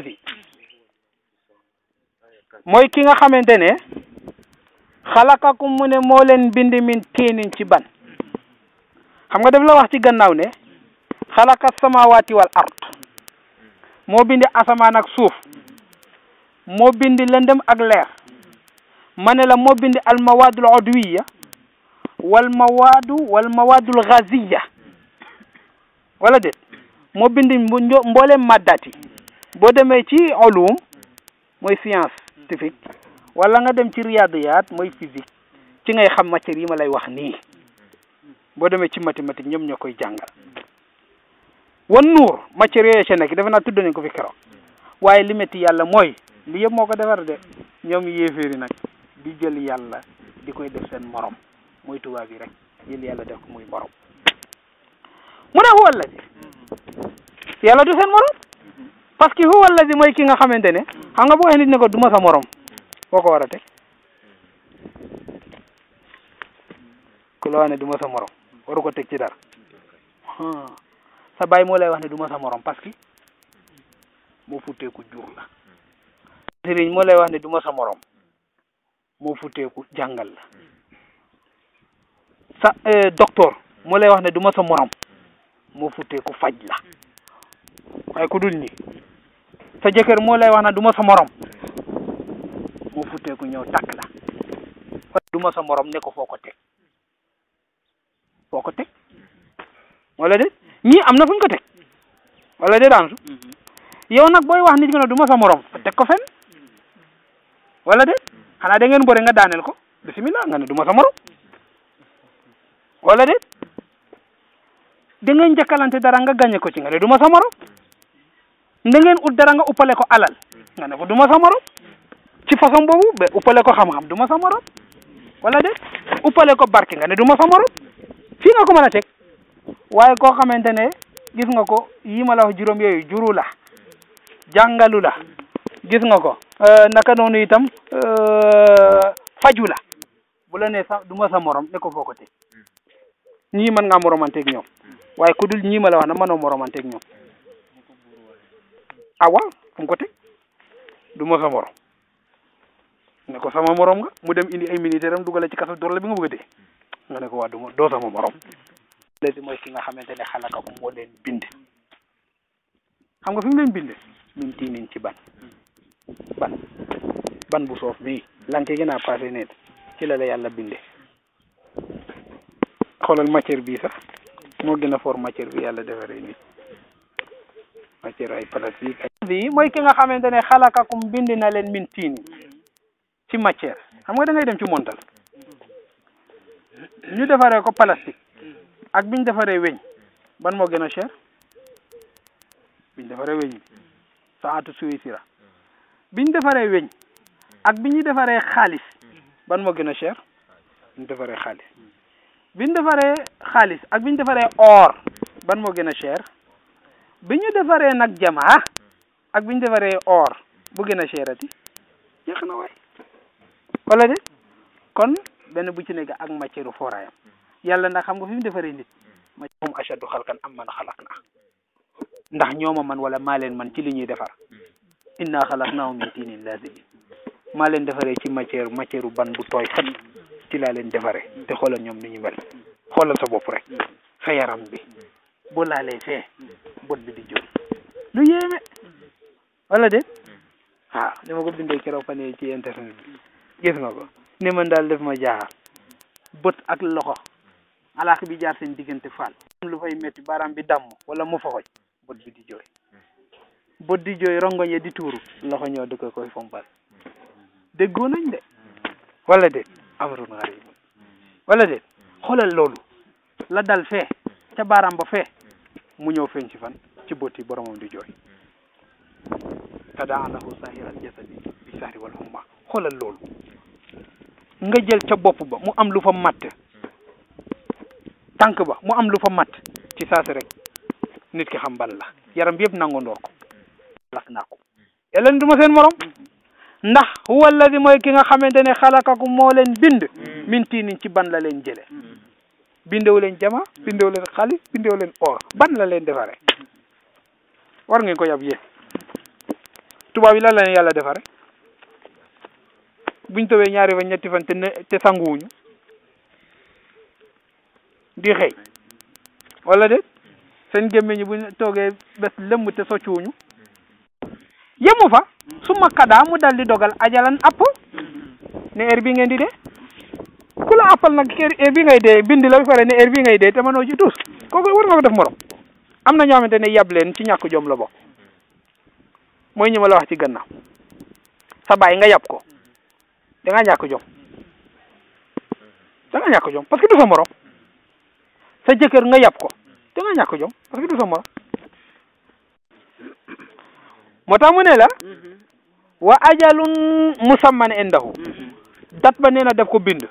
bi mooy ki nga xamante ne xalakakum mu ne moo leen bind min tiinin ci ban xam nga daf la wax ci gannaaw ne xalaka samawaati wal ard moo bind asamaan ak suuf moo bindi lëndëm ak leer ma ne la moo bindi al mawaadul odwiya wal mawaadu wal mawaadul gaziya wala déet moo bind mboolem màddaat boo demee ci ulum mooy science scientifique wala nga dem ci riyadiyat mooy physique ci ngay xam matière yi ma lay wax nii boo demee ci mathématique ñoom ñoo koy jàngal wan nuur matière yooyu ca nekk defe naa tudd nañ ko fi keroog waaye li metti yàlla mooy li yëpp moo ko defar de ñoom yéeféeri nag di jël yàlla di koy def seen moroom mooy tubaab yi rek jël yàlla def ko muy morom mu ne huwa alladi yàlla du seen morom parce que huwa alladi mooy ki nga xamante ne xam nga boo waxee nit ne ko du ma morom boo ko war a teg ku ne du ma sa morom waru ko teg ci dara sa baay moo lay wax ne du ma sa morom parce que moo futteeku jur la sëriñ wax ne du ma sa morom moo jàngal la sa eh, docteur moo lay wax ne du ma morom moo futteeku faj la waaye ku dul sa jëkkër moo lay wax na du ma sa morom mu futteeku ñëw takk la du duma sa morom ne ko foo ko teg foo ko teg am na fu ñu ko teg wala déet daan su mhm. yow nag booy wax nit ki du ma sa morom teg ko fenn wala déet xanaa da ngeen bëre nga daaneel ko bisimilah nga ne du ma sa morom wala déet da ngeen jëkkalante dara nga ko ci nga ne du ma sa moro na ngeen ut dara nga uppale ko alal nga ne ko du ma sa morom ci façon boobu ba uppale ko xam-xam du ma sa wala de uppale ko barke nga ne du ma fii nga ko mën a teg waaye koo xamante ne gis nga ko yi ma la wax juru la jàngalu la gis nga ko euh, naka noonu itam euh, faju la bu la ne sax du ma sa morom ne ko foo ko teg ñii mën ngaa moromanteeg ñoom waaye ku dul ñii ma la wax na man moromanteeg ñoom Ah, awa fu mu ko du ma sa morom ne ko sama morom nga mu dem indi ay militaire am dugale ci kaso doole bi nga bëgg a nga ne ko waa du ma doo sama morom léegi mooy ki nga xamante ne xalaka ko moo leen bind xam nga fi mu leen binde min tiinin ci ban ban ban bu soof bii lanke gën a passé neen ci la la yàlla binde xoolal matière bii sax moo gën a for matière bi yàlla defaree nit matière ay plastique bi mooy ki nga xamante ne xalakakum bind na leen min tin ci matière xam nga da ngay dem ci montal ñu defaree ko plastique ak biñ defaree weñ ban moo gën a cher biñ defaree weñ bi saatu suy sira biñ defaree weñ ak bi ñu defaree xaalis ban moo gën a cher biñ defaree xaalis biñ defaree xaalis ak biñ defaree or ban moo gën a cher bi ñu defaree nag jamaa ak bu ñu defaree or bu gën a seerati yéex na waay wala de kon benn bu ci nekk ak matière fooraayam yàlla na xam nga fi mu defaree nit ma moom ashadu xalqan am man xalaq na ndax ñooma man wala maa leen man ci li ñuy defar inna xalaqnaahum na tiinin laazib maa leen defaree ci matière matière ban bu tooy xat ci laa leen defaree te xoolal ñoom ni ñu mel xoolal sa bopp rek sa bi boo laalee fee bot bi di jóg lu yéeme wala de waaw ah, ni ma ko bindee keroog fan yi ci internet gis nga ko ni man daal def ma jaaxal bët ak loxo alaaka bi jaar seen diggante faal lu fay metti baaraam bi damm wala mu faxoj bët bi di jooy bët di jooy rongoñ ya di tuuru loxo ñoo di koy fompal déggoo nañ de wala de amrun xarib wala de xoolal loolu la dal fee ca baaraam ba fee mu ñëw feeñ ci fan ci bëti boromam di jooy tadaalahu sahiral a bi sahri wal humma xoolal loolu nga jël ca bopp ba mu am lu fa matt tànk ba mu am lu fa matt ci saasi rek nit ki xam ban la yaram bi yëpp nangandoor ko las naa ko yàlla du seen morom ndax huwa alladi mooy ki nga xamante ne xalakakum moo leen bind mm. min tiinin ci ban la leen jële bindew leen jama bindew leen xaalis bindew leen or ban la leen defare war ngeen ko yab yéen tubaab yi lan la leen yàlla defare buñ tawee ñaari fan ñetti fan te ne te di xëy wala de seen gémmiñu buñ toogee bés lëmm te soccuwuñu yemu fa su ma mu dal di dogal ajalan app ne heure ngeen di dee ku la appal nag heure bi ngay dee bindi la fare ne heure bi ngay dee te mënoo ci tus kooku war nga ko def morom am na ñoo xamante ne yab leen ci ñàkk jom la bokk mooy ñu ma la wax ci gannaaw sa nga yab ko da ngaa ñàkk jom da ngaa ñàkk jom parce que du sa morom jëkkër nga yab ko da ngaa ñàkk jom parce que du sa morom tax mu ne la mm-hmm. wa ajalun musamman indahu mm-hmm. dat ba nee na def ko bind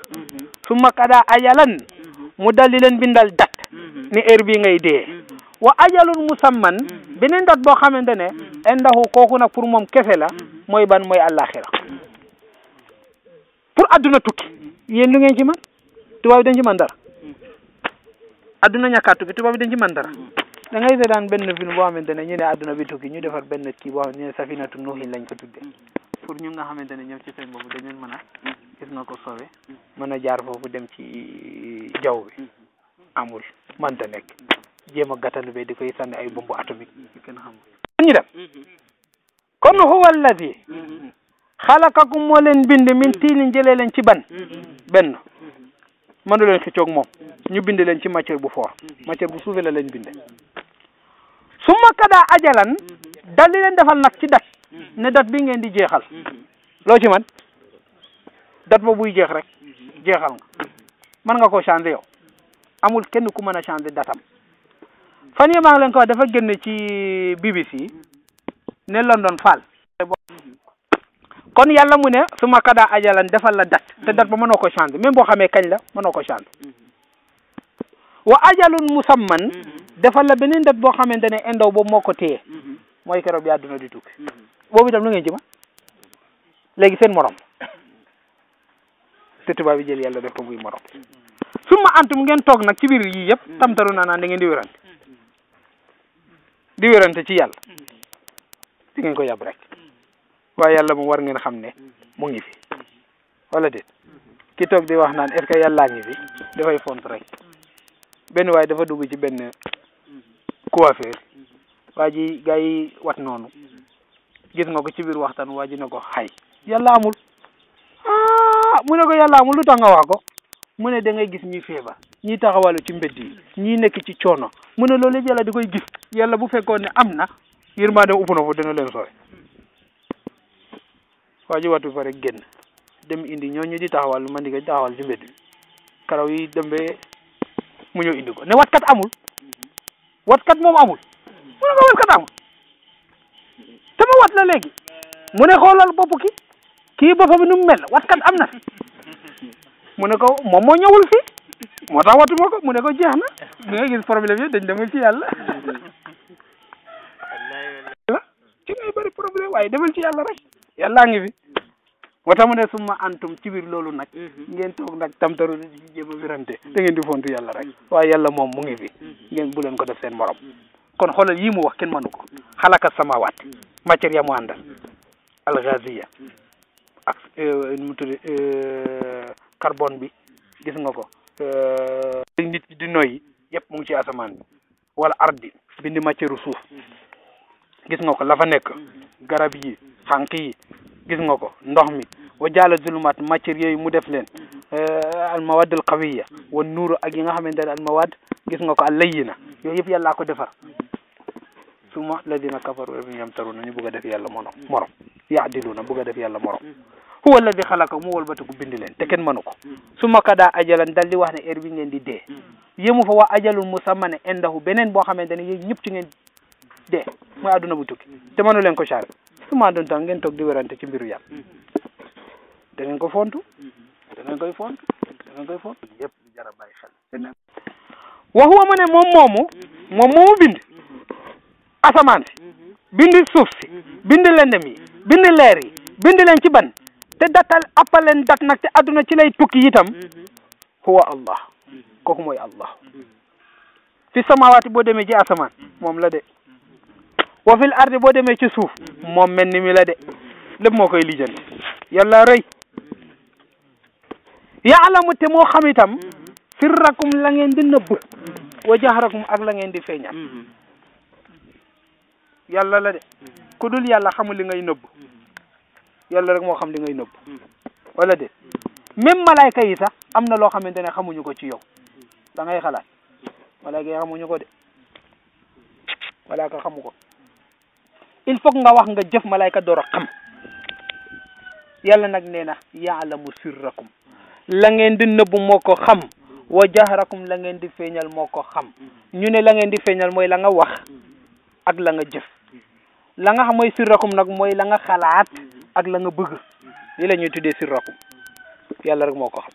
summa kada ayalan mm-hmm. mu daldi bindal mm-hmm. ni heure bi ngay mm-hmm. wa ajalun musamman beneen dat boo xamante ne indahu kooku nag pour moom kese la mooy ban mooy àllaaxira pour aduna tukki yéen lu ngeen ci man tubaab yi dañ ci man dara adduna ñàkkaa tukki tubaab yi dañ ci man dara da ngay seetaan benn film boo xamante ñu ne bi tukki ñu defar benn safinatu lañ ko tudde pour ñu nga xamante ne ñoom ci seen boobu dañu mën a gis ko sowe mm-hmm. mën a jaar foofu dem ci jaww bi mm-hmm. amul mënta nekk jéem a gàttandu ba di koy sànni ay bombu atomique yu mm-hmm. kenn xamul kon ñu dem kon huwa alladi xalaqakum moo leen bind min tiilin jëlee leen ci ban benn mënu leen xiccoog moom ñu bind leen ci matière bu fort matière bu suufee la leen bind summa kada ajalan dal li defal nag ci dat ne date bi ngeen di jeexal loo ci man date ba buy jeex rek jeexal nga mën nga koo changer yow amul kenn ku mën a changer datam fan yi maa ngi leen ko wax dafa génn ci BBC ne London Fall kon yàlla mu ne su ma kadaa ajalan defal la date te date ba mënoo ko changer même boo xamee kañ la mënoo ko changer wa ajalun musamman mhm. defal la beneen date boo xamante ne indaw boobu moo ko téye mhm. mooy keroog bi àdduna di tukki mhm. boobu itam lu ngeen ci ma léegi seen morom te tubaab yi jël yàlla def ko muy morom su ma antum ngeen toog nag ci biir yii yëpp mm-hmm. tamtaru naa naan da ngeen di wérante di wérante ci yàlla mm-hmm. di ngeen ko yàbb rek waaye yàlla moom war ngeen xam ne mm-hmm. mu ngi fi wala déet ki toog di wax naan est-ce que yàllaa ngi fi dafay font rek benn waaye dafa dugg ci benn coiffeur waa ji gars wat noonu gis nga ko ci biir waxtan waa ji ne ko xay yàlla amul ah mu ne ko yàlla amul lu tax nga wax ko mu ne da ngay gis ñuy feebar ñiy taxawalu ci mbedd yi ñiy nekk ci coono mu ne loolu yëpp yàlla da koy gis yàlla bu fekkoon ne am na yërmande upp na fa dana leen sooy waa ji watu fa rek génn dem indi ñooñu di taxawal man di ko taxawal ci mbedd bi karaw yi dembee mu ñëw indi ko ne watkat amul watkat moom amul mu ne ko watkat amul sama wat la léegi mu ne xoolal bopp ki kii boppam nu mu wat watkat am na fi mu ne ko moom moo ñëwul fii moo tax watuma ko mu ne ko jeex na di nga gis problème yi dañ demal ci yàlla la ci ngay bëri problème waaye demal ci yàlla rek yàllaa ngi fi moo tax mu ne suma antum ci biir loolu nag mhm. ngeen toog nag tamtaru di jéem a wirante da ngeen di fontu yàlla rek waaye yàlla moom mu ngi fi mhm. ngeen bu leen ko def seen morom kon xoolal yii mu wax kenn mënu ko xalaka samawaat matière ya mu àndal algaziya ak euh, nu mu tudd euh, carbone bi gis nga ko euh, nit di noyyi yëpp ci asamaan bi wala ardi bindi matière suuf gis nga ko lafa nekk garab yi xànq yi gis nga ko ndox mi wa jaala zulumaat matière yooyu mu def leen almawaad alqawiya wa nuuru ak yi nga xamante ne almawaad gis nga ko al na yooyu yëpp yàllaa ko defar summa alladina kafaru ibn yamtaruna ñu bëgg a def yàlla mono morom yaadiluna bëgg a def yàlla morom huwa alladi xalaka mu walbatiku bind leen te kenn mënu ko summa kada ajalan dal di wax ne heure bi ngeen di dee yëmu fa wa ajalul musamman indahu beneen boo xamante ne yéen ñëpp ci ngeen dee mooy adduna bu tukki te mënu leen ko charré suma dun ngeen toog di werante ci mbiru yàlla da ko fontu da koy fontu da ngeen koy fontu yëpp di jara bàyyi wa huwa moom moomu moom moomu asamaan si bind suuf si mm-hmm. bind lëndëm yi mm-hmm. bind leer yi mm-hmm. bind leen ci ban te datal appaleen dat nag te adduna ci lay tukki itam huwa allah kooku mooy allah fi samawaati boo demee ci asamaan moom la de wa fil ardi boo demee ci suuf moom mel ni mi la de lépp moo koy lijjanti yàlla rëy yaalamu te moo xam itam sirrakum la ngeen di nëbb wa jahrakum ak la ngeen di feeñal yàlla la de mm-hmm. ku dul yàlla xamul li ngay nëbb mm-hmm. yàlla rek moo xam li ngay nëbb mm-hmm. wala de même malayka yi sax am na loo xamante ne xamuñu ko ci yow da xalaat malayka yi xamuñu ko de malayka xamu ko il faut nga wax nga jëf malayka door a xam yàlla nag nee na yaalamu sirrakum la ngeen di nëbb moo ko xam wa jahrakum la ngeen di feeñal moo ko xam ñu ne la ngeen di feeñal mooy la nga wax ak la nga jëf la nga xam mooy sirrakum nag mooy langa xalaat mhm. ak langa bëgg mhm. lii la ñuy tuddee sirrakum yàlla rek moo ko xam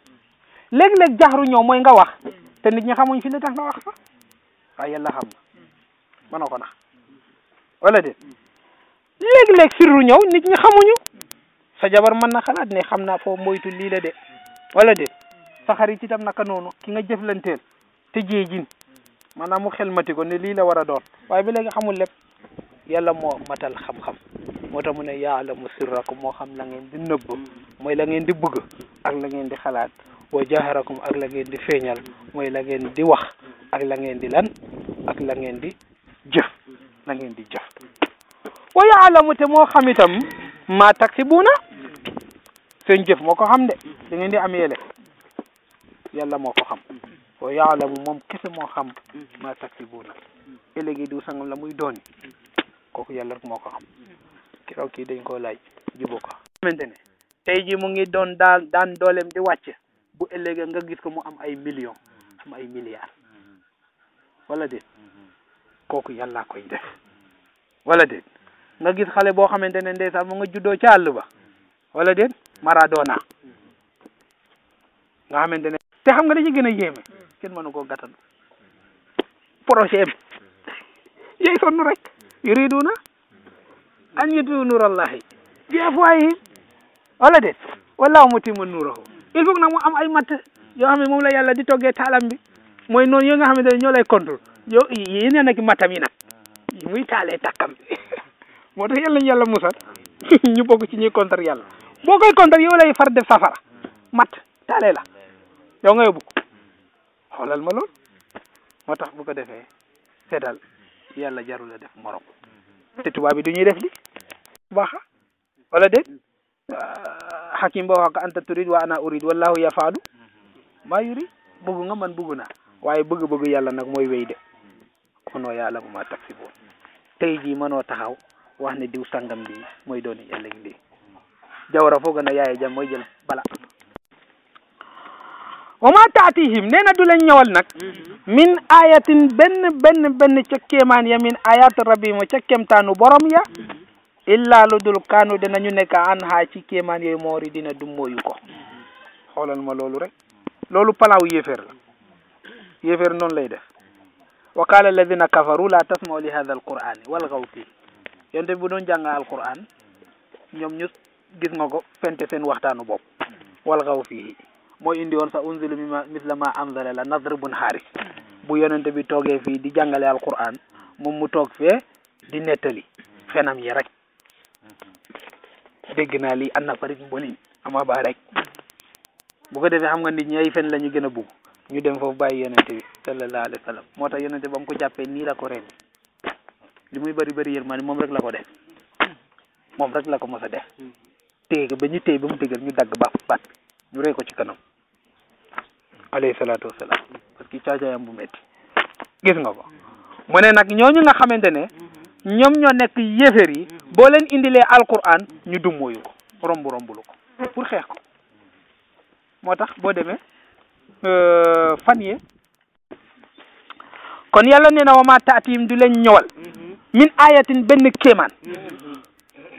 léeg-léeg jaxru ñoo mooy nga wax te nit ñi xamuñ fi la tax nga wax fa waaye yàlla xam na mënoo mhm. ko nax wala déet léeg-léeg sirru ñëw nit ñi xamuñu sa jabar mën na xalaat ne xam naa foo moytu lii la de wala déet sa xarit itam naka noonu ki nga jëflanteel te jéejin maanaam mu xel mati ne lii la war a doon waaye ba léegi xamul lépp yàlla moo matal xam-xam moo tax mu ne yaalamu sirrakum moo xam la ngeen di nëbb mooy la ngeen di bëgg ak la ngeen di xalaat wa jaharakum ak la ngeen di feeñal mooy la ngeen di wax ak la ngeen di lan ak la ngeen di jëf la ngeen di jëf wa yaalamu te moo xam itam maa taksibuuna seen jëf moo ko xam de da ngeen di am yele yàlla moo ko xam wa yaalamu moom kese moo xam maa taksibuuna ëllëgi du sangam la muy dooni kooku yàlla rek moo ko xam keroog kii dañ koo laaj jubóo ko xamante ne tey ji mu ngi doon daal daan dooleem di wàcc bu ëllëgee nga gis ko mu am ay million am ay milliards wala déet kooku yàllaa koy def wala déet nga gis xale boo xamante ne ndeysaan mo nga juddoo ca àll ba wala déet Maradona nga xamante ne te xam nga dañu gën a yéeme kenn mënu koo gàttal projet bi yey sonn rek yuriduna an yutu nuurallahi bi afwaahihim wala déet wallahu mutimmu nuurahu il faut que nag mu am ay matt yoo xam ne moom la yàlla di toggee taalam bi mooy noonu yoo nga xamante ne ñoo lay contre yow yéen a nekk mattam yi na muy taalee takkam bi moo tax yàlla ñu yàlla musal ñu ci ñuy contre yàlla boo koy contre yow lay far def safara matt taalee la yow nga yóbbu xoolal ma lool moo tax bu ko defee seetal yàlla jarul la def morom te tubaab bi du ñuy def li baaxa wala déet xakim ah, ba wax ko anta turid wa na urid wallahu yafaalu maa yurid bëgg nga man bëgg naa waaye bëgg-bëgg yàlla nag mooy wéy de konoo yàlla bu ma taksi boon tey jii mënoo taxaw wax ne diw sangam bi mooy dooni ëllëg bi jawra foog na yaaye jam mooy bala wa maa taatihim nee na du leen ñëwal nag mm-hmm. min ayatin benn benn benn ca kéemaan ya min ayat rabbihim ca kéemtaanu borom ya mm-hmm. illa lu dul kaanu danañu ci kéemaan yooyu moori dina dummóoyu ko mm-hmm. xoolal ma loolu rek loolu palaaw yéeféer la yéeféer noonu lay def wa qaala alladina kafaru la tasmau li hada alqurani walgaw fii yonte bu doon jàng alquran ñoom ñu gis nga ko fente seen waxtaanu bopp fii mooy indi woon sa unzilu mi ma misla ma anzala la nazr bun xaari bu yonente bi toogee fii di jàngale alquran moom mu toog fee di nettali fenam yi rek dégg naa lii an na farit mbolin ama ba rek bu defee xam nga nit ñi ay fen la ñu gën a bugg ñu dem foofu bàyyi yonente bi sallallahu alayhi moo tax yonente ba mu ko jàppee nii la ko ren li muy bari bëri yërmande moom rek la ko def moom rek la ko mos a def téye ba ñu téye ba mu dëgër ñu dagg ba bat ñu rey ko ci kanam alayhi salaatu wasalaam parce que caacaayam bu metti gis nga ko mu ne nag ñooñu nga xamante ne ñoom ñoo nekk yéeféer yi boo leen indilee alquran ñu dummóoyu ko romb rombulu ko pour xeex ko moo tax boo demee euh, fan yee kon yàlla nee na wa ma taatiim du leen ñëwal min ayatin benn kéemaan mm-hmm.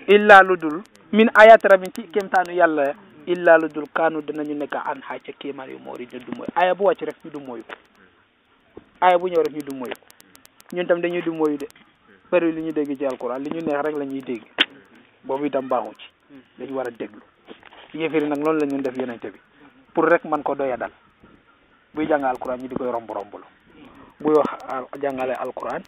illa lu dul min ayat rabin ci kéemtaanu yàlla illaa lu dul kaanu ñu nekk an xaa ca kéemaan yu moo ri ñu du mooy aaya bu wàcc rek ñu du mooyu aaya bu ñëw rek ñu du mooyu ñun dañuy du mooyu de bëri li ñu dégg ci alquran li ñu neex rek la ñuy dégg boobu itam baaxu ci dañu war a déglu yéefiri nag loolu la def yonente bi pour rek man ko doya dal buy jàng alquran ñu di koy romb romb lu buy wax jàngale alquran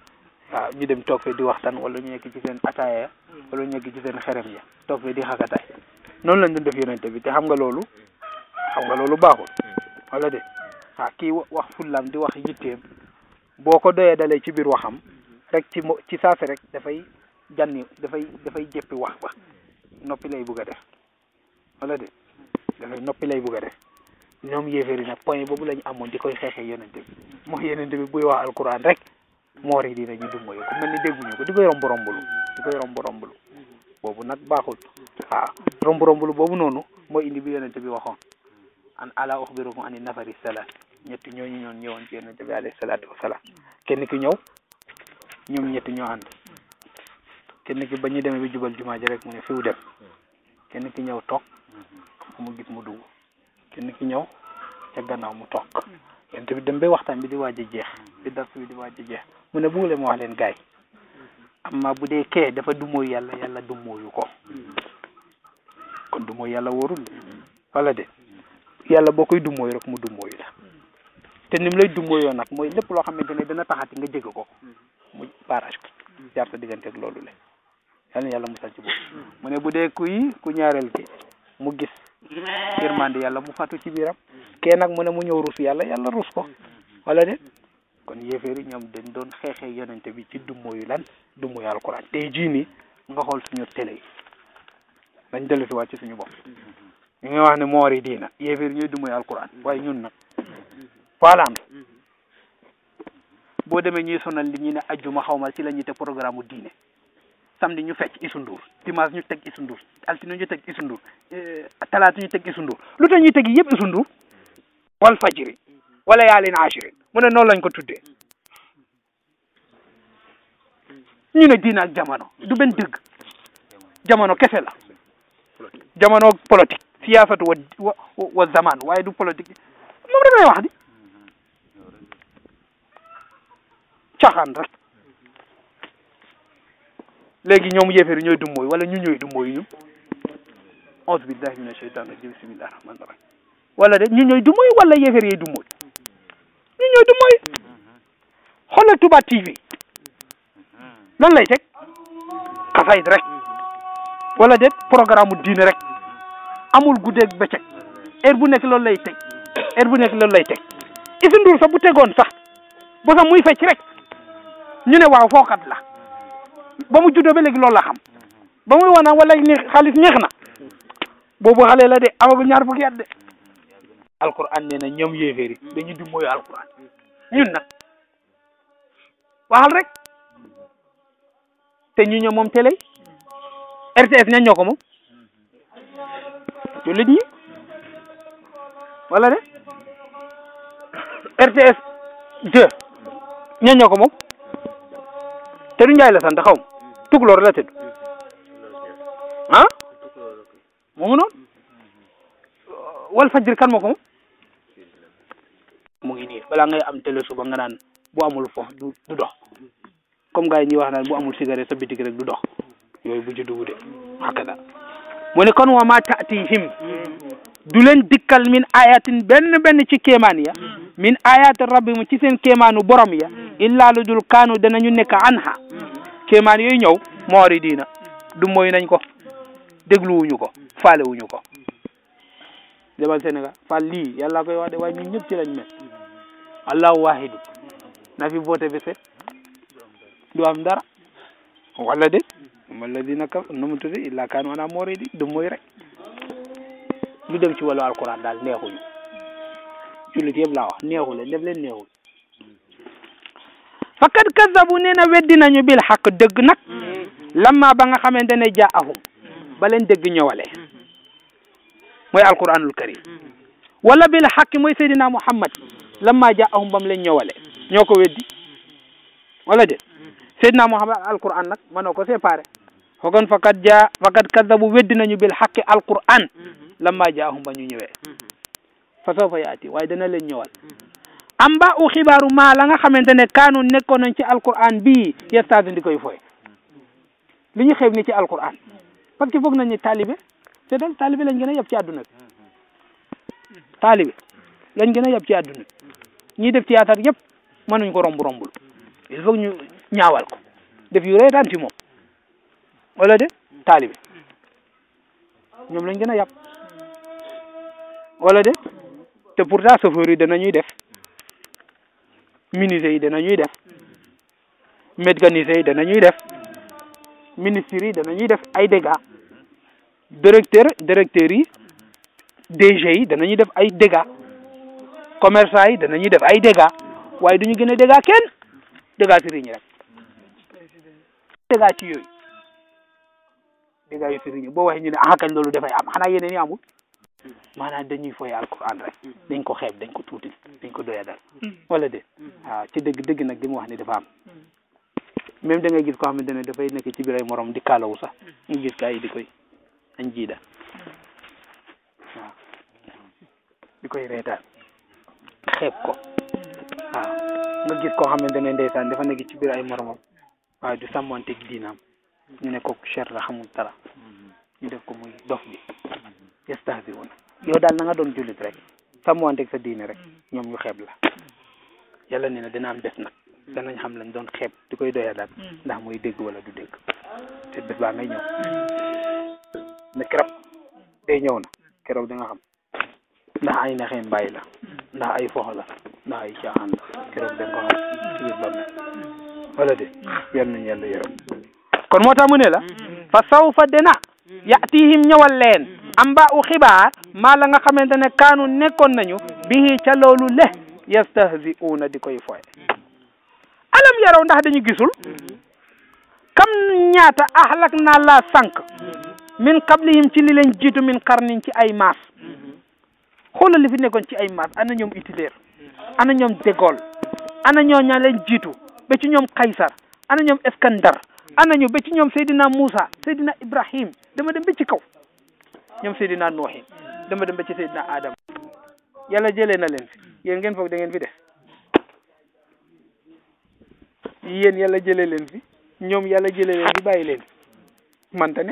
waaw ñu dem toog fee di waxtaan wala ñu nekk ci seen ataaya wala ñu nekk ci seen xerem ya toog fee di xakataay noonu lañ doon def yonent bi te xam nga loolu xam nga loolu baaxul wala de ah kii wax fullaam di wax yitteem boo ko doyee dalee ci biir waxam rek ci mo ci saasi rek dafay jànni dafay dafay jëppi wax ba noppi lay bugg a def wala de dafay noppi lay bugg a def ñoom yéeféeri nag point boobu la amoon di koy xeexee yonent bi mooy yonent bi buy wax alquran rek moor yi dinañu dummoyo ko mel ni dégguñu ko di koy romb rombulu di koy romb rombulu boobu nag baaxul waaw ah, romb romb lu boobu noonu mooy indi bi yonente bi waxoon an ala uxbirukum ani nafari salaas ñetti ñooñu ñoon ñëwoon ci yonente bi alayhi salaatu wasalaam kenn ki ñëw ñoom ñetti ñoo ànd kenn ki ba ñu demee bi jubal jumaa ji mu ne fiw dem kenn ki ñëw toog mu gis mu dugg kenn ki ñëw ca gannaaw mu toog yonente bi dem ba waxtaan bi di waaj a jeex bi dars bi di waaj a jeex mu ne bu leen ma wax leen gaay amma bu dee kee dafa dumóoyu yàlla yàlla dumóoyu ko kon dumóoyu yàlla wóorul wala de yàlla boo koy dumóoyu rek mu dumóoyu la te ni mu lay dumóoyoo nag mooy lépp loo xamante ne dana taxati nga jege ko mu barrage ko jaar sa diggante loolu la yàlla mu ci boobu mu ne bu dee kuy ku ñaareel ki mu gis yërmande yàlla mu fàttu ci biiram kee nag mu ne mu ñëw rus yàlla yàlla rus ko wala de kon yéeféeri ñoom dañ doon xeexee yonente bi ci dummuyu lan dummuyu alquran tey jii nii nga xool suñu télé yi dañ dellu si wàcc suñu bopp ñu ngi wax ne moor yi diina yéeféeri ñooy dummuyu alquran waaye ñun nag voilà boo demee ñuy sonal li ñu ne ajjuma xawma ci la te programme diine samedi ñu fecc Youssou Ndour dimanche ñu teg Youssou Ndour altine ñu teg Youssou Ndour euh, talaata ñu teg Youssou Ndour lu tax ñuy teg yëpp Youssou Ndour wal fajiri wala yaalin ashiri mu ne noonu lañ ko tuddee ñu ne diine ak jamono du benn dëgg jamono kese la jamono politique wa wa zaman waaye du politique moom rek lay wax di caaxaan rek léegi ñoom yéeféeri ñooy dummóoy wala ñu ñooy dummóoy ñu auzu billahi mina shaytaan rajim bismillahi rahmaani wala de ñu ñooy dummóoy wala yéeféer yooy dummóoy ñu ñëw du mooy xoolal Touba TV lan lay teg xasaayit rek wala déet programme diine rek amul guddeeg bëccëg heure bu nekk loolu lay teg heure bu nekk loolu lay teg Youssou Ndour sax bu tegoon sax ba sax muy fecc rek ñu ne waaw fookat la ba mu juddoo be léegi loolu la xam ba mu wax naan wala ni xaalis neex na boobu xale la de amagul ñaar fukki at de alquran nee na ñoom yéeféer yi mm. dañuy di mooy alquran ñun nag waxal rek te ñu ñoo moom télé RTS ñan ñoo ko moom jullit ñi wala de RTS 2 ñan ñoo ko moom te du Njaay la sant xaw ma tukulóor la tëdd ah mu ngi noonu Walfadjri kan moo ko moom mu ngi nii balaa ngay am télé suba nga naan bu amul fo du du dox comme gars yi ñuy wax naan bu amul cigarette sa bitig rek du dox yooyu bu ci dugg mu ne kon wa ma taatihim du leen dikkal min ayatin benn benn ci kemaan ya min ayat rabbi mu ci seen kéemaanu borom ya illaa lu dul kaanu danañu nekk anha kéemaan yooyu ñëw moori diina du mooy nañ ko dégluwuñu ko faalewuñu ko demal Sénégal Fall lii yàlla koy wax de waaye ñun ñëpp ci lañ mel allahu wahidu na fi boote bi set du dara wala de wala dina ka nu mu tudde illa kaanu ana di du rek lu dem ci wàllu alquran daal neexuñu jullit yëpp laa wax neexu leen def leen neexul nee na weddi nañu bil xaq dëgg nag mm. lamma ba nga xamante ne jaahum ba leen dëgg ñëwale mooy alquranul karim wala bil xaqi mooy Seydina Muhammad lamma jaahum bam leen ñëwale ñoo ko weddi wala de Seydina Muhammad alquran nag mënoo ko séparé fogon fakat jaa fakat kadabu weddi nañu bil xaqi alquran lamma jaahum ba ñu ñëwee fa sawfa yaati waaye dana leen ñëwal am ba u xibaaru maa la nga xamante ne kaanu nekkoon nañ ci alquran bi yestaadu ndi koy fooy li ñu xeeb ni ci alquran parce que foog nañu taalibe ፊደል ታልቤ ለእንጀነ የብቻ ያዱነት ታልቤ ለእንጀነ የብቻ ያዱነት ኒድፍ ቲያተር የብ ማንኝ ኮሮምቡሮም ብሎ ይዞ ኛዋልኩ ደፊዩሬ ዳንቲሞ ወለደ ታልቤ ኛም ለእንጀነ ያ ወለደ ተፑርታ ሶፎሪ ደነኝ ይደፍ ሚኒዘይ ደነኝ ይደፍ መድገኒዘይ ደነኝ ይደፍ ሚኒስትሪ ደነኝ ይደፍ አይደጋ directeur directeurs yi DG yi danañu def ay dégâts commerçant yi danañuy def ay dégâts waaye duñu gën a dégâts kenn dégâts sëriñ rek dégâts ci yooyu dégâts yu sëriñ boo waxee ñu ne ah kañ loolu dafay am xanaa yeneen yi amul maanaam dañuy foyee alquran rek dañ ko xeeb dañ ko tuuti dañ ko doyadal wala de waaw ci dëgg dëgg nag li mu wax ni dafa am même da ngay gis koo xamante ne dafay nekk ci biir ay morom di kaalawu sax ñu gis gaa di koy anjiiɗa waaw di koy reetaan xeeb ko waaw nga gis koo xamante ne ndeysaan dafa nekk ci biir ay moroomam waaye du sàmmanteeg diinam ñu ne ko cher la xamul tara ñu def ko muy dox bi yestasi wuna yow daal na nga doon jullit rek sàmmanteeg sa diine rek ñoom ñu xeeb la yàlla nee na dina am bés nag danañ xam lañ doon xeeb di koy doya daal mm. ndax muy dégg wala du dégg te bés baa ngay ñëw ne keroog day ñëw na keroog di nga xam ndax ay naxeen bàyyi la ndax ay fox la ndax ay caaxaan la keroog da nga xam ci de yal nañu yàlla yërëm kon moo tax mu ne la fa sawfa dina yatihim ñëwal leen am ba u xibaar maa la nga xamante ne kaanu nekkoon nañu bihi ca loolu le yastahzi'uuna di koy foye alam yaraw ndax dañu gisul kam ñaata ahlak naa laa sànq min qablihim ci li leen jiitu min qarnin ci ay maas mm-hmm. xoolal li fi nekkoon ci ay maas ana ñoom Hitler ana ñoom de ana ñoo ña leen jiitu ba ci ñoom Kaysar ana ñoom Iskandar ana ñu ba ci ñoom Seydina Moussa Seydina Ibrahim dama dem ba ci kaw ñoom Seydina Nooxin dama dem ba ci Seydina Adama yàlla jëlee na leen fi yéen ngeen foog da fi def yéen yàlla jëlee leen fi ñoom yàlla jëlee leen fi bàyyi leen fi mante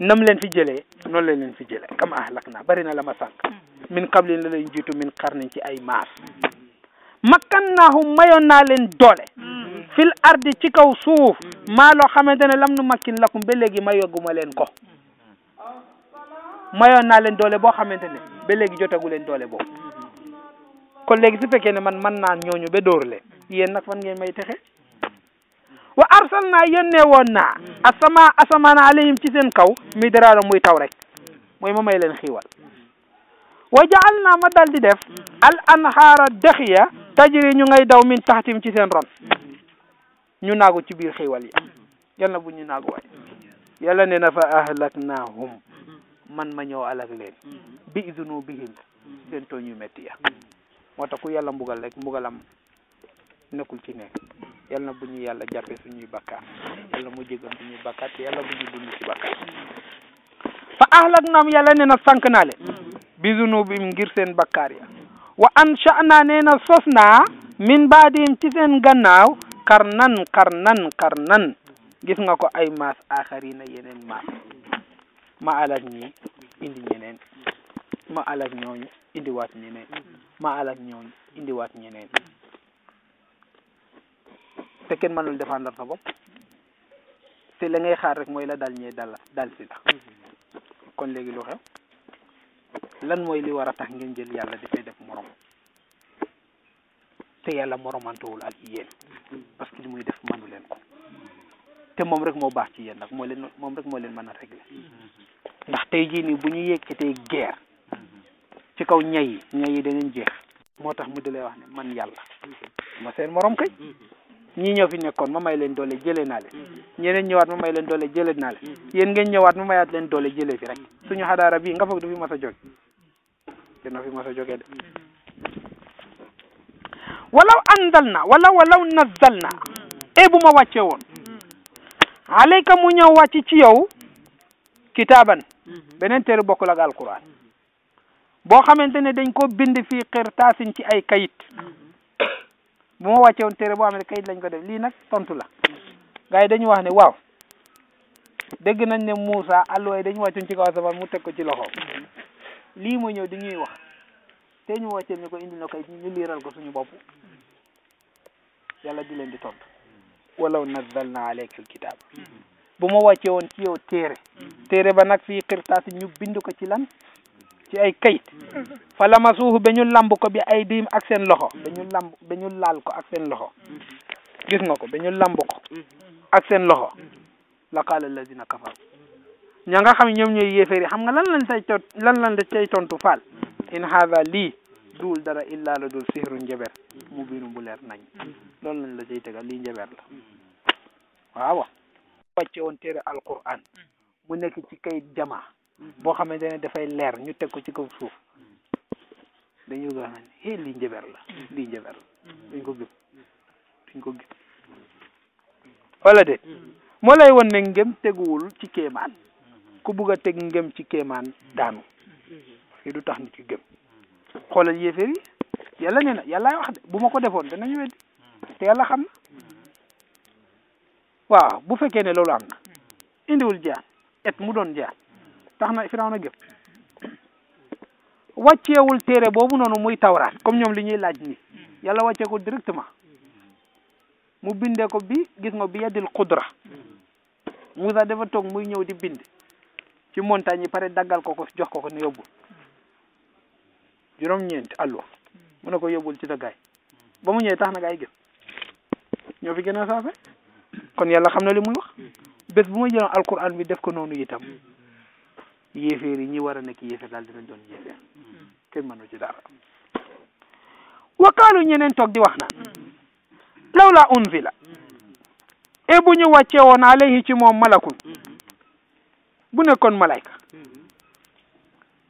nam leen fi jëlee noonu la leen fi jëlee kam ahlak naa bari na la ma sànq mm-hmm. min qablin la leen jiitu min qarnin ci ay maas makkannaahum mayoon naa leen doole mm-hmm. fil ardi ci kaw suuf mm-hmm. maa loo xamante ne lam nu makkin lakum ba léegi ma yogguma leen ko mayoon naa leen doole boo xamante ne ba léegi jotagu leen doole boobu kon léegi su fekkee ne man man naa ñooñu ba dóor leen yéen nag fan ngeen may texe wa arsalna yónnee woon naa asama asamaan alayhim ci seen kaw mi daraara muy taw rek mooy ma may leen xiiwal wa jaal naa ma dal di def al anhaara dexiya tajri ñu ngay daw min taxtim ci seen ron ñu naagu ci biir xiiwal yi yal na bu ñu naagu waay yàlla nee na fa ahlaknahum man ma ñëw alak leen bi izunubihim seen tooñ yu metti ya moo tax ku yàlla mbugal rek mbugalam nekkul ci nekk yal na bu ñu yàlla jàppe suñuy bakkaar yal na mu jégal suñuy bakkaar te yàlla bu ñu dund ci bakkaar fa ahlak naam yàlla nee na sànq naa bi zunubim ngir seen bakkaar ya wa ansha'naa nee na sos na min baadihim ci seen gannaaw karnan karnan karnan gis nga ko ay maas aaxarina yeneen maas ma alak ñi indi ñeneen ma alak ñooñu indiwaat ñeneen ma alak ñooñu indiwaat ñeneen te kenn mënul défendre sa bopp te la ngay xaar rek mooy la dal ñee dal dal si la kon léegi lu xew lan mooy li war a tax ngeen jël yàlla dafay def morom te yàlla moromantewul ak yéen parce que li muy def mënu leen ko te moom rek moo baax ci yéen nag moo leen moom rek moo leen mën a régler ndax tey jii nii bu ñu yëkkatee guerre ci kaw ñay yi ñay yi jeex moo tax mu lay wax ne man yàlla ma seen morom kay ni ñoo fi nekkoon ma may leen doole jëlee naa leen mm-hmm. ñeneen ñëwaat ma may leen doole jëlee naa leen mm-hmm. yéen ngeen ñëwaat ma mayaat leen doole jële fi rek mm-hmm. suñu xadaara bii nga foog du fi mas a jóge dina fi mas a jógee de walaw wala walaw nazal na e eh, bu ma wàcce woon alayka mu ñëw wàcc ci yow kitaaban beneen téere bokkul ak alquran boo xamante ne dañ ko bind fii xirtaasin ci ay kayit bu ma wàcce woon téere boo xam ne kayit lañ ko def lii nag tontu la gars yi dañu wax ne waaw dégg nañ ne Moussa alluwaay dañu wàccoon ci kaw asamaan mu teg ko ci loxoom lii mooy ñëw di ñuy wax te ñu wàccee ñu ko indi na kayit ñu liiral ko suñu bopp yàlla di leen di tontu walaw nazzalna alayka alkitab bu ma wàcce woon ci yow téere téere ba nag fii xirtaasi ñu bind ko ci lan ci ay kayit fa lamasuuhu ba ñu lamb ko bi ay diim ak seen loxo ba ñu lamb ba ñu laal ko ak seen loxo gis nga ko ba ñu lamb ko ak seen loxo la qaala lazina kafar ña nga xam ñoom ñooy yéeféer xam nga lan lañ say tont lan lan da cay tontu faal in haada lii duul dara illaa la dul sihru njaber mu biiru bu leer nañ loolu lañ la cay tegal li njaber la waaw wàcce woon téere alquran mu nekk ci kayit jamaa boo xamante ne dafay leer ñu teg ko ci kaw suuf dañu gën a ne eh, lii njëbeer la lii njëbeer la duñ ko gëm duñ ko gëm wala de moo lay won ne ngëm teguwul ci kéemaan ku bugg a teg ngëm ci kéemaan daanu parce du tax nit ki gëm xoolal yéeféer yi yàlla nee na yàllaay wax de bu ma ko defoon danañu weddi te yàlla xam na bu fekkee ne loolu am na indiwul et mu doon jaan tax na Firawna gëm wàcceewul téere boobu noonu muy tawraat comme ñoom li ñuy laaj ni yàlla wàccee ko directement mu bindee ko bi gis nga bi yadil qudra Moussa dafa toog muy ñëw di bind ci montagne yi pare daggal ko ko jox ko ko ne yóbbul juróom-ñeent allo mu ne ko yóbbul ci sa gaay ba mu ñëwee tax na gaay gëm ñoo fi gën a saafe kon yàlla xam na li muy wax bés bu ma jëloon alquran bi def ko noonu itam yéeféer yi ñi war a nekk yéeféer daal dinañ doon yéeféer mm. kenn mënu ci dara wakaalu ñeneen toog di wax naan mm. lawla unzila mm. e bu ñu wàcce woon alayhi ci moom malakun bu nekkoon malayka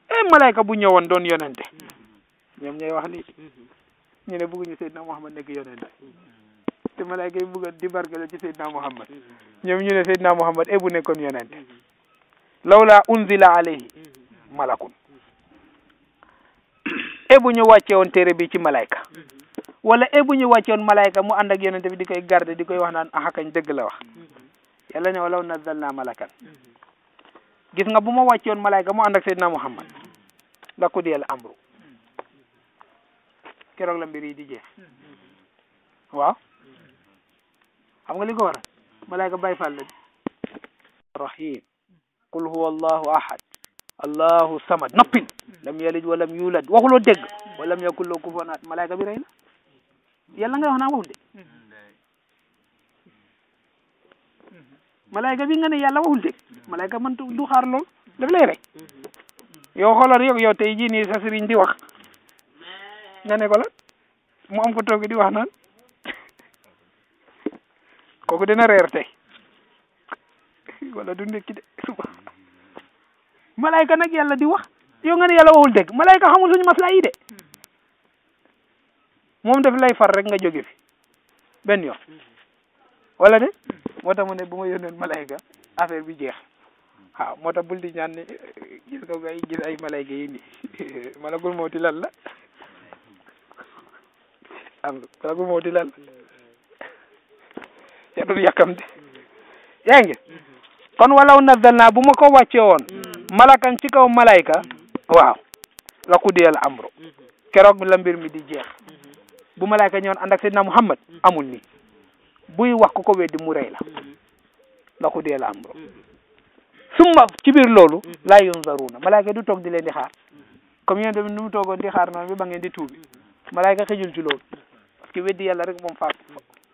e malayka bu ñëwoon doon yonente ñoom ñooy wax lii mm-hmm. ñu ne bëgguñu Seydina Muhammad nekk yonente mm-hmm. te malayka yi bëgg di barkelo ci Seydina Muhammad mm-hmm. ñoom ñu ne Seydina Muhammad e bu nekkoon yonente lawla unzila alayhi malakun e bu ñu wàcce woon téere bi ci malayka wala e bu ñu wàcce woon malayka mu ànd ak yonente bi di koy garde di koy wax naan axakañ dëgg la wax yàlla ne walaw nazzalna malakan gis nga bu ma wàcce woon malayka mu ànd ak seydina muhammad la ku diyal amru keroog la mbir yi di jeex waaw xam nga li ko waral qul huwa allahu ahad allahu samad noppin lam yalid walam yulad waxuloo dégg walam yakun lahu kufuwan ahad malaayka bi rey na yàlla ngay wax naa waxul de malaayka bi nga ne yàlla waxul dégg malaayka man du xaar lool daf lay rey yow xoolal yow yow tey sa sëriñ di wax nga ne ko la mu am fa toog di wax naan kooku dina reer wala du ndekki de malayka nag yàlla di wax yow nga ne yàlla waxul dëgg malayka xamul suñu masla yi de moom daf lay far rek nga jóge fi benn yoon wala de moo tax mu ne bu ma yónneen malayka affaire bi jeex waaw moo tax bul di ñaan ne gis ko ay gis ay malayka yi ni malakul mawti lan la am malakul mawti lan la yaa dul yàkkamte yaa ngi kon walaw nazzalnaa bu ma ko wàcce woon mm. malakan ci kaw malayka mm. waaw la qudiyal amru mm-hmm. keroog la mbir mi di jeex mm-hmm. bu malayka ñëwoon ànd ak Seydina Muhammad mm-hmm. amul nii buy wax ku ko weddi mu rey la la qudiyal amru summa ci biir loolu laa yunzaruuna malayka du toog di leen di xaar comme yéen tamit nu mu toogoon di xaar noonu bi ba ngeen di tuubi malayka xëjul ci loolu parce weddi yàlla rek moom far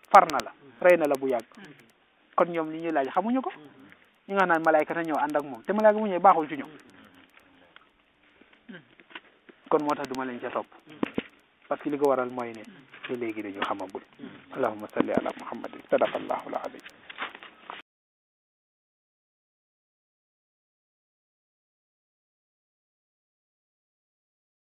far na la rey na la bu yàgg kon ñoom ko ñu nga naan malaayka te ñëw ànd ak moom te malaayka mu ñëw baaxul ci kon moo duma leen ca topp parce que li ko waral mooy ne te léegi dañu xamagul allahumma salli ala muhammadin sadaqallahu alazim